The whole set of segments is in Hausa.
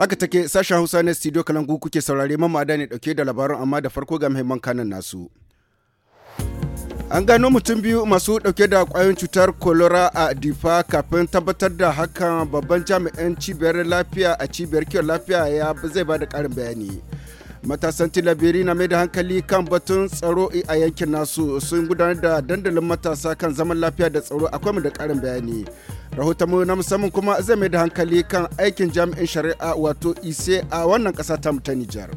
Haka take sashen Hausa na studio Kalangu kuke saurare mamada ne dauke da labarin amma da farko ga muhimman kanan nasu. An gano mutum biyu masu dauke da kwayoyin cutar kolora a Difa kafin tabbatar da hakan babban jami'an cibiyar lafiya a cibiyar kiwon lafiya ya zai ba da karin bayani. Matasan tilabiri na mai da hankali kan batun tsaro a yankin nasu sun gudanar da dandalin matasa kan zaman lafiya da tsaro akwai mu da karin bayani. rahotonmu na musamman kuma zai mai da hankali kan aikin jami'in shari'a wato ise a wannan ƙasa ta Nijar.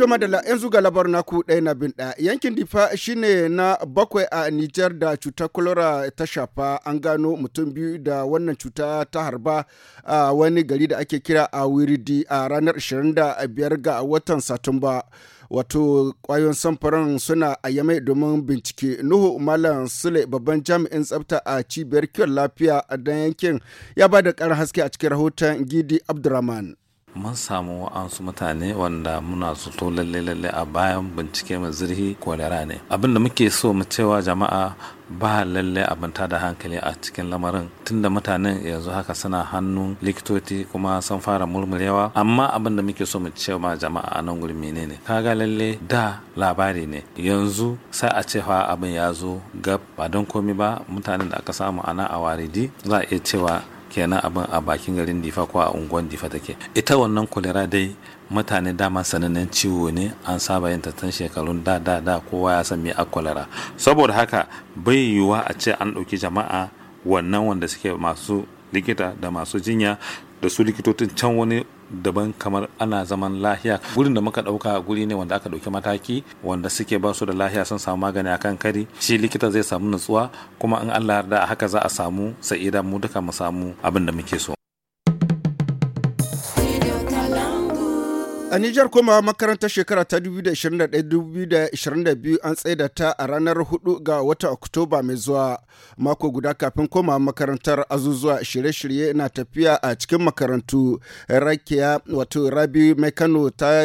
To madala yanzu ga labar ku ɗaya na bin ɗaya yankin difa shine na bakwai a Nijar da cuta kolora ta shafa an gano mutum biyu da wannan cuta ta harba a wani gari da ake kira a wiridi a ranar 25 ga watan Satumba. wato kwayoyin samfuran suna a yamai domin bincike nuhu malam sule babban jami'in tsafta a cibiyar kiwon lafiya a yankin ya ba da karin haske a cikin rahoton gidi abdurrahman mun samu wa'ansu mutane wanda muna zato lalle lalle a bayan bincike mai zirhi kolera ne abin da muke so mu cewa jama'a ba lalle abin da hankali a cikin lamarin tunda mutanen yanzu haka suna hannun likitoci kuma sun fara murmurewa amma abin da muke so mu ce ma jama'a a nan gurin menene kaga lalle da labari ne yanzu sai a cewa abin ya zo gab ba don komi ba mutanen da aka samu ana a waridi za a iya cewa kenan abin a bakin garin difa ko a unguwan difa take ita wannan kulera dai mutane dama sanannen ciwo ne an saba yin tattan shekarun da da da kowa ya san me a kulera saboda haka bai yiwuwa a ce an ɗauki jama'a wannan wanda suke masu likita da masu jinya da su likitocin can wani daban kamar ana zaman lahiya gurin da muka dauka guri ne wanda aka dauki mataki wanda suke ba su da lahiya sun samu magani a kan kari shi likita zai samu nutsuwa kuma in Allah da haka za a samu sa'ida mu duka mu samu abin da muke so A Nijar kuma makarantar shekara ta 2021-2022 an tsaida ta a ranar 4 ga wata Oktoba mai zuwa mako guda kafin koma makarantar azuzuwa shirye-shirye na tafiya a cikin makarantu. Rakiya wato Rabi Mai Kano ta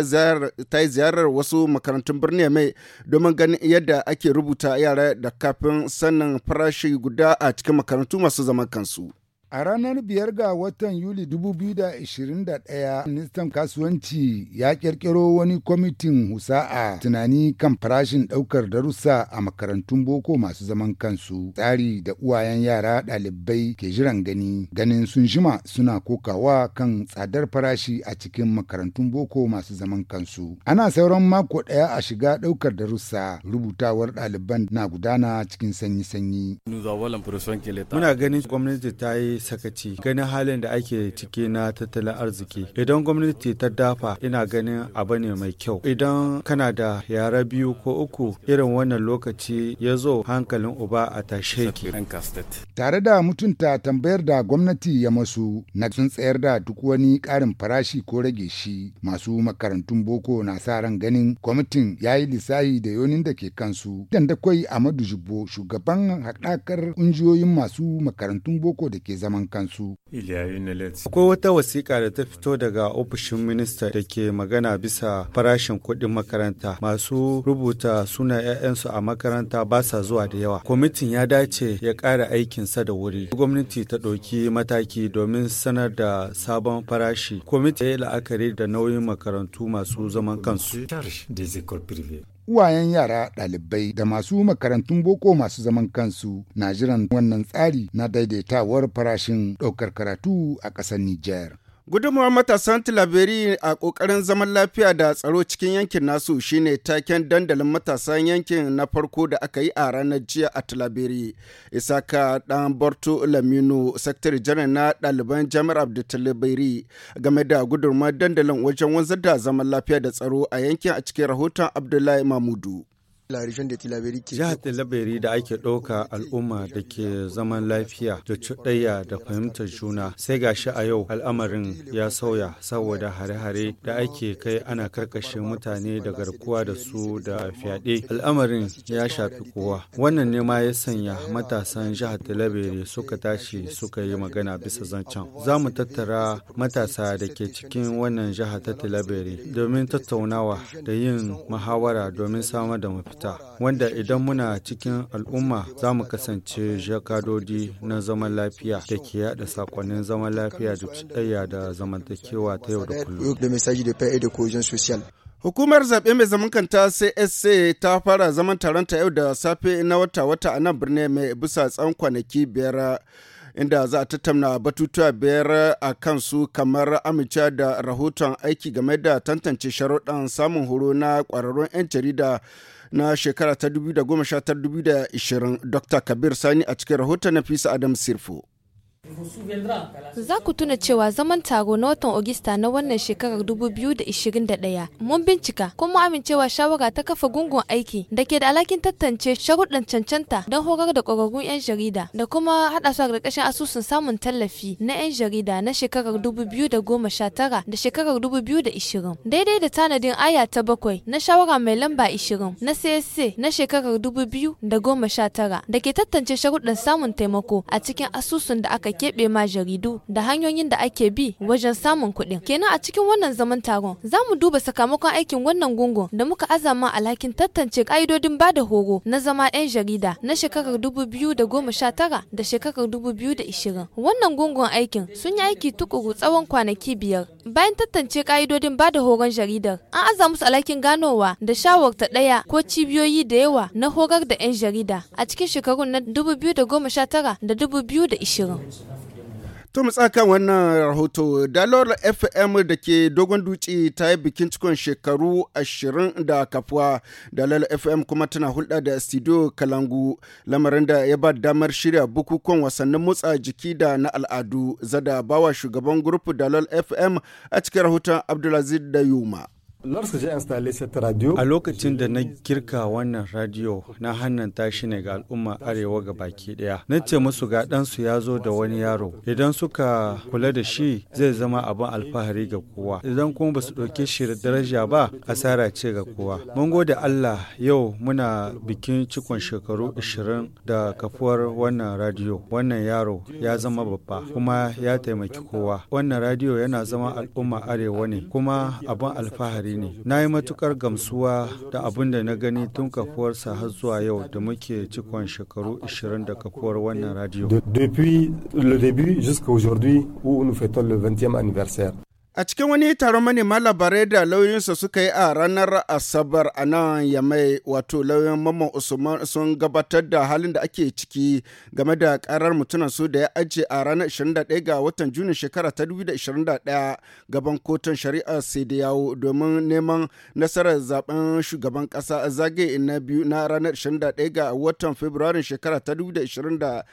yi ziyarar wasu makarantun birni mai domin ganin yadda ake rubuta yara da kafin sannan farashi guda a cikin makarantu masu zaman kansu. A ranar biyar ga watan Yuli 2021, ministan kasuwanci ya kirkiro wani kwamitin husa'a tunani kan farashin ɗaukar darussa a makarantun boko masu zaman kansu tsari da uwayen yara ɗalibai ke jiran gani ganin sun jima suna kokawa kan tsadar farashi a cikin makarantun boko masu zaman kansu. Ana sauran mako ɗaya a shiga ɗaukar darussa rubutawar ɗaliban na gudana cikin sanyi-sanyi. Muna ganin gwamnati ta yi sakaci ganin halin da ake ciki na tattalin arziki idan gwamnati ta dafa ina ganin abu ne mai kyau idan kana da yara biyu ko uku irin wannan lokaci ya zo hankalin uba a tashe ki tare da mutunta tambayar da gwamnati ya masu na sun tsayar da duk wani karin farashi ko rage shi masu makarantun boko na sa ran ganin kwamitin ya yi lissahi da yonin da ke kansu dan da kwai amadu jibbo shugaban haɗakar ƙungiyoyin masu makarantun boko da ke zaman kansu. Akwai wata wasiƙa da ta fito daga ofishin minista da ke magana bisa farashin kuɗin makaranta. Masu rubuta suna 'ya'yansu a makaranta ba sa zuwa da yawa. Kwamitin ya dace ya ƙara aikinsa da wuri. Gwamnati ta ɗauki mataki domin sanar da sabon farashi. Kwamitin ya yi la'akari da nauyin makarantu masu zaman kansu. uwayen yara ɗalibai da masu makarantun boko masu zaman kansu na jiran wannan tsari na daidaitawar farashin ɗaukar karatu a ƙasar Nijar. Gudunmawar matasan Tilaberi a ƙoƙarin zaman lafiya da tsaro cikin yankin nasu shine taken dandalin matasan yankin na farko da aka yi a ranar jiya a Tilaberi. Isaka ɗan Borto Lamino, Sakatare Janar na ɗaliban Jami'ar Abdu Tilaberi game da gudunmawar dandalin wajen wanzar da zaman lafiya da tsaro a yankin a cikin rahoton Abdullahi Mamudu. Jihar Tilaberi da ake ɗauka al'umma da ke zaman lafiya da cuɗayya da fahimtar juna sai ga shi a yau al'amarin ya sauya saboda hare-hare da ake kai ana karkashe mutane da garkuwa da su da fyaɗe. Al'amarin ya shafi kowa. Wannan ne ma ya sanya matasan jihar tilabiri suka tashi suka yi magana bisa zancen. Za mu tattara matasa da ke cikin wannan jihar ta tilabiri domin tattaunawa da yin muhawara domin samar da mafi wanda idan muna cikin al'umma za mu kasance jakadodi na zaman lafiya da ke yada sakonnin zaman lafiya da cikayya da zamantakewa ta yau da kullum. Hukumar zaɓe mai zaman kanta CSC ta fara zaman taronta yau da safe na wata-wata a nan birni mai bisa tsawon kwanaki biyar inda za a tattauna batutuwa biyar a kansu kamar amince da rahoton aiki game da tantance sharuɗan samun horo na ƙwararrun 'yan jarida na shekara ta 2019-2020 Dr. Kabir Sani a cikin rahoton fisa Adam Sirfo. Za ku tuna cewa zaman taro na watan Ogista na wannan shekarar 2021 mun bincika kuma amincewa shawara ta kafa gungun aiki da ke da alakin tantance sharuɗan cancanta don horar da ƙwararrun 'yan jarida da kuma haɗa su a ƙarƙashin asusun samun tallafi na 'yan jarida na shekarar 2019 da shekarar 2020. Daidai da tanadin aya ta bakwai na shawara mai lamba 20 na CSC na shekarar 2019 da ke tantance sharuɗan samun taimako a cikin asusun da aka keɓe ma jaridu da hanyoyin da ake bi wajen samun kuɗin. Kenan a cikin wannan zaman taron za mu duba sakamakon aikin wannan gungun da muka azama alhakin tantance ƙa'idodin ba da horo na zama ɗan jarida na shekarar dubu biyu da goma sha tara da shekarar dubu biyu da ishirin. Wannan gungun aikin sun yi aiki tukuru tsawon kwanaki biyar Bayan tantance ka'idodin ba da horon jaridar, an aza musu alhakin ganowa da shawarta ɗaya ko cibiyoyi da yawa na horar da 'yan jarida a cikin shekarun na 2019 da 2020. To mu tsakan wannan rahoto, dalor FM da ke dogon dutse ta yi bikin cikon shekaru ashirin da kafuwa. Dalol FM kuma tana hulɗa da studio Kalangu, lamarin da ya ba damar shirya bukukuwan wasannin motsa jiki da na al'adu, zada bawa shugaban gurupu Dalol FM a cikin rahoton Abdulaziz da Yuma. A lokacin da na girka wannan radiyo na hannun shi ne ga al'umma arewa ga baki ɗaya. Na ce musu ga ɗansu ya zo da wani yaro. Idan suka kula da shi zai zama abin alfahari ga kowa. Idan kuma ba su ɗauke shi da daraja ba asara ce ga kowa. Mun gode Allah yau muna bikin cikon shekaru ashirin da kafuwar wannan radiyo. Wannan yaro ya zama babba kuma ya taimaki kowa. Wannan radiyo yana zama al'umma arewa ne kuma abin alfahari ne na yi matukar gamsuwa da abin da na gani tun kafuwarsa har zuwa yau da muke cikon shekaru 20 da kafuwar wannan radio depuis le début jusqu'à aujourd'hui où nous fêtons le 20e anniversaire A cikin wani taron manema labarai da lauyinsa suka yi a ranar Asabar a nan Yamai wato lauyin Mamman Usman sun gabatar da halin da ake ciki game da karar mutunan su da ya aje a ranar 21 ga watan Juni shekara ta 2021 gaban kotun shari'a Sidiyawo domin neman nasarar zaben shugaban kasa zagaye na biyu na ranar 21 ga watan Fabrairu shekara ta 2021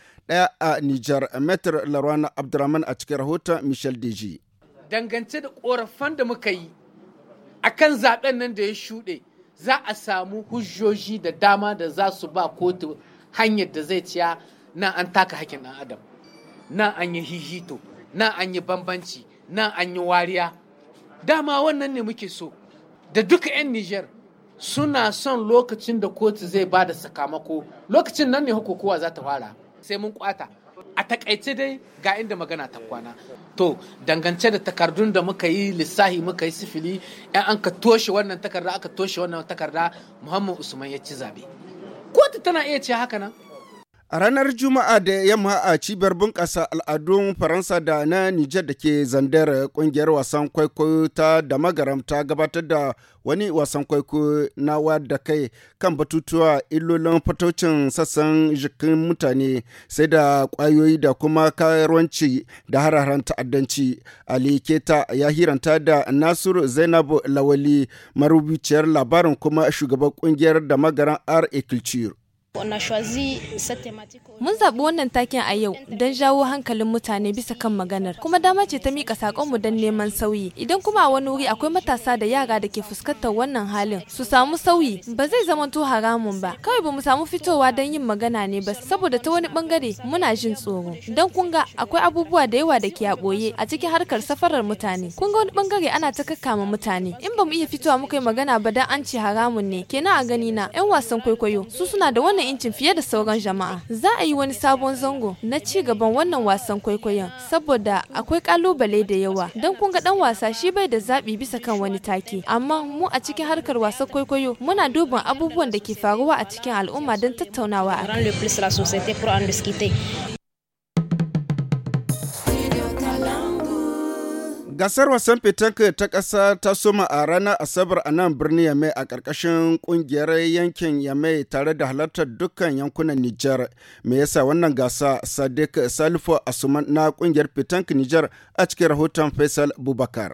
a Nijar Metro Larwana Abdurrahman a cikin rahoton Michel Deji. dangance da korafan da muka yi a kan zaɓen nan da ya shuɗe za a samu hujjoji da dama da za su ba kotu hanyar da zai ciya na an taka hakin ɗan adam na an yi hihito na an yi bambanci na an yi wariya dama wannan ne muke so da duka 'yan niger suna son lokacin da kotu zai ba da sakamako lokacin nan ne hukukuwa za ta fara sai mun kwata a takaice dai ga inda magana ta kwana to dangance da takardun da muka yi lissahi muka yi sifili yan an ka toshe wannan takarda aka toshe wannan takarda muhammad usman ya ci zabe kotu tana iya ce haka nan A ranar Juma'a da yamma a cibiyar bunƙasa al'adun Faransa da na Nijar da ke zandar ƙungiyar wasan kwaikwayo ta da ta gabatar da wani wasan kwaikwayo na da kai kan batutuwa illolin fatocin sassan jikin mutane sai da kwayoyi da kuma karuwanci da hararen ta'addanci. Ali Keta ya hiranta da Nasiru Zainabu Lawali marubuciyar labarin kuma shugaban ƙungiyar da magaran R. Mun zaɓi wannan takin a yau don jawo hankalin mutane bisa kan maganar, kuma dama ce ta miƙa saƙonmu don neman sauyi. Idan kuma a wani wuri akwai matasa da yara da ke fuskantar wannan halin su samu sauyi, ba zai zama zamanto haramun ba. Kawai ba mu samu fitowa don yin magana ne ba, saboda ta wani bangare muna jin tsoro. Don kun ga akwai abubuwa da yawa da ke a ɓoye a cikin harkar safarar mutane. kunga wani bangare ana ta kakkama mutane. In ba mu iya fitowa muka yi magana ba don an ce haramun ne, kenan a gani na 'yan wasan kwaikwayo su suna da wannan wannan incin fiye da sauran jama'a. Za a yi wani sabon zango na ci gaban wannan wasan kwaikwayon saboda akwai kalubale da yawa. Don kun ga dan wasa shi bai da zabi bisa kan wani take. Amma mu a cikin harkar wasan kwaikwayo muna duban abubuwan da ke faruwa a cikin al'umma don tattaunawa Gasar wasan fitanka ta ƙasa ta soma a ranar Asabar a nan birnin Yamai a ƙarƙashin ƙungiyar yankin Yamai tare da halartar dukkan yankunan Nijar. Me yasa wannan gasa Sadiq Salifu Asuman na ƙungiyar fitanka Nijar a cikin rahoton Faisal Bubakar.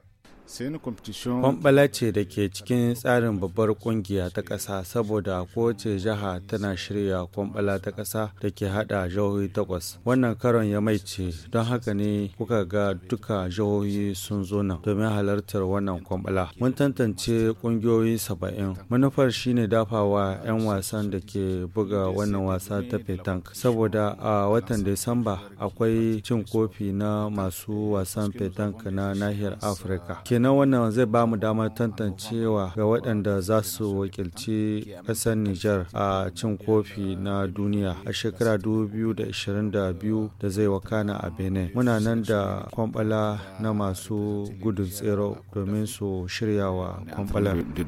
Kwamɓala ce da ke cikin tsarin babbar kungiya ta ƙasa saboda kowace jiha tana shirya kwamɓala ta ƙasa da ke haɗa jihohi takwas. Wannan karon ya ce don haka ne kuka ga duka jihohi sun zo nan domin halartar wannan kwamɓala. Mun tantance ƙungiyoyi saba'in. Manufar shine dafawa 'yan wasan da ke buga wannan wasa ta petank saboda a watan Disamba akwai cin kofi na masu wasan petank na nahiyar Afirka. na wannan zai ba mu damar tantancewa ga waɗanda za su wakilci ƙasar Nijar a cin kofi na duniya a shekara 2022 da zai wakana a Benin. Muna nan da kwambala na masu gudun tsero domin su shirya wa De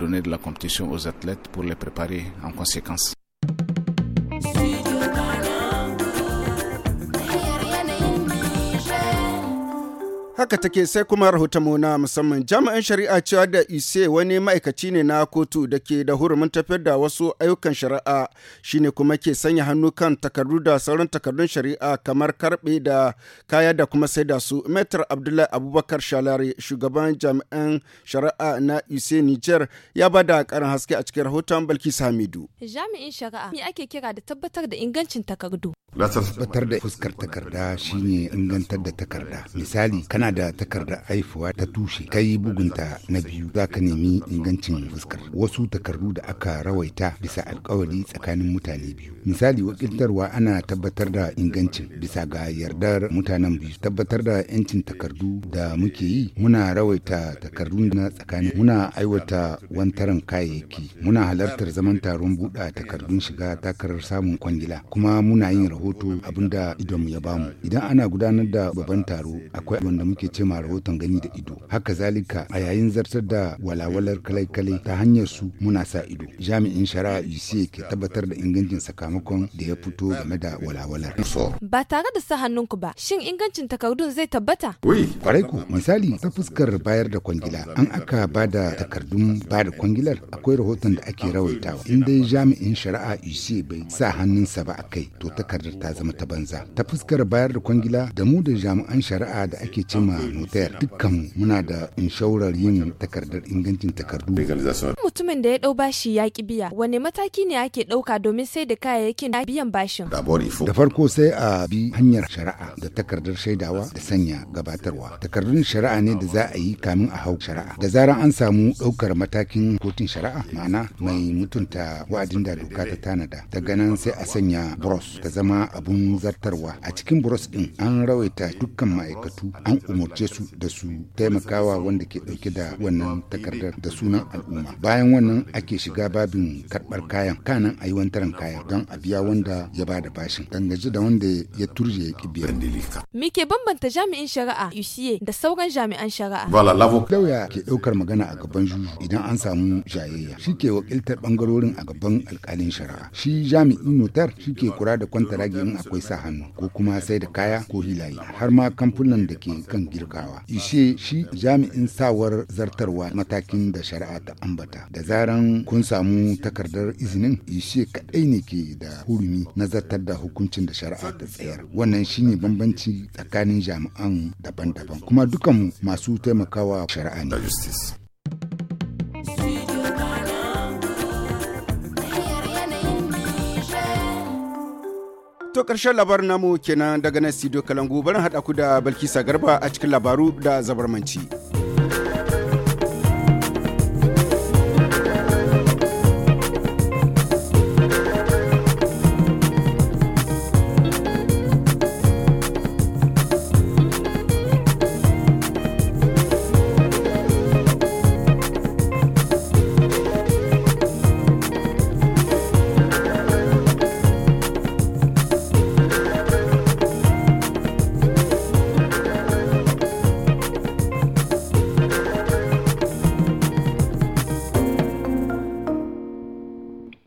Haka take sai kuma rahotonmu na musamman jami'an shari'a cewa da ise wani ma'aikaci ne na kotu da ke da hurumin tafiyar da wasu ayyukan shari'a shine kuma ke sanya hannu kan takardu da sauran takardun shari'a kamar karbe da kaya da kuma sai da su. Metar Abdullahi Abubakar Shalari shugaban jami'an shari'a na ise Niger ya ba da karin haske a cikin rahoton Balkis Hamidu. Jami'in shari'a me ake kira da tabbatar da ingancin takardu? Tabbatar da fuskar takarda shine ingantar da takarda. Misali, kana da takarda haifuwa ta tushe, ka yi bugunta na biyu za ka nemi ingancin fuskar. Wasu takardu da aka rawaita bisa alkawari tsakanin mutane biyu. Misali, wakiltarwa ana tabbatar da ingancin bisa ga yardar mutanen biyu. Tabbatar da 'yancin takardu da muke yi, muna rawaita takardu na tsakanin muna aiwata wantaran kayayyaki, muna halartar zaman taron buɗa takardun shiga takarar samun kwangila, kuma muna yin rahoto abin da idon ya bamu idan ana gudanar da babban taro akwai wanda muke cema rahoton gani da ido haka zalika a yayin zartar da walawalar kalai-kalai ta hanyar su muna sa ido jami'in shari'a UCA ke tabbatar da ingancin sakamakon da ya fito game da walawalar ba tare da sa hannun ku ba shin ingancin takardun zai tabbata kwarai ku misali ta fuskar bayar da kwangila an aka ba da takardun ba da kwangilar akwai rahoton da ake rawaitawa in dai jami'in shari'a UCA bai sa hannunsa ba a kai to takardar ta zama ta banza ta fuskar bayar da kwangila da mu da jami'an shari'a da ake cima notar dukkan muna da inshaurar yin takardar ingancin takardu mutumin da ya dau bashi ya ki biya wane mataki ne ake dauka domin sai da kayayyakin biyan bashin da farko sai a bi hanyar shari'a da takardar shaidawa da sanya gabatarwa takardun shari'a ne da za a yi kamin a hau shari'a da zaran an samu daukar matakin kotun shari'a ma'ana mai mutunta wa'adin da doka ta tanada daga nan sai a sanya bros ta zama abun zartarwa a cikin buros din an rawaita dukkan ma'aikatu an umarce su da su taimakawa wanda ke dauke da wannan takardar da sunan al'umma bayan wannan ake shiga babin karbar kayan kanan a yi wantaran kayan don a biya wanda ya ba da bashin dangaji da wanda ya turje ya kibiyar me ke bambanta jami'in shari'a usiye da sauran jami'an shari'a lauya ke daukar magana a gaban juju idan an samu jayayya shi ke wakiltar bangarorin a gaban alkalin shari'a shi jami'in notar shi ke kura da kwantara ragi akwai sa hannu ko kuma sai da kaya ko hilaye har ma kamfunan da ke kan girkawa ishe shi jami'in sawar zartarwa matakin da shari'a ta ambata da zaran kun samu takardar izinin ishe kadai ne ke da hurumi na zartar da hukuncin da shari'a ta tsayar wannan shine bambanci tsakanin jami'an daban-daban kuma dukanmu masu taimakawa shari'a ne To ƙarshen labar namu kenan daga nan studio Kalangu barin haɗa ku da Balkisa Garba a cikin labaru da zabarmanci.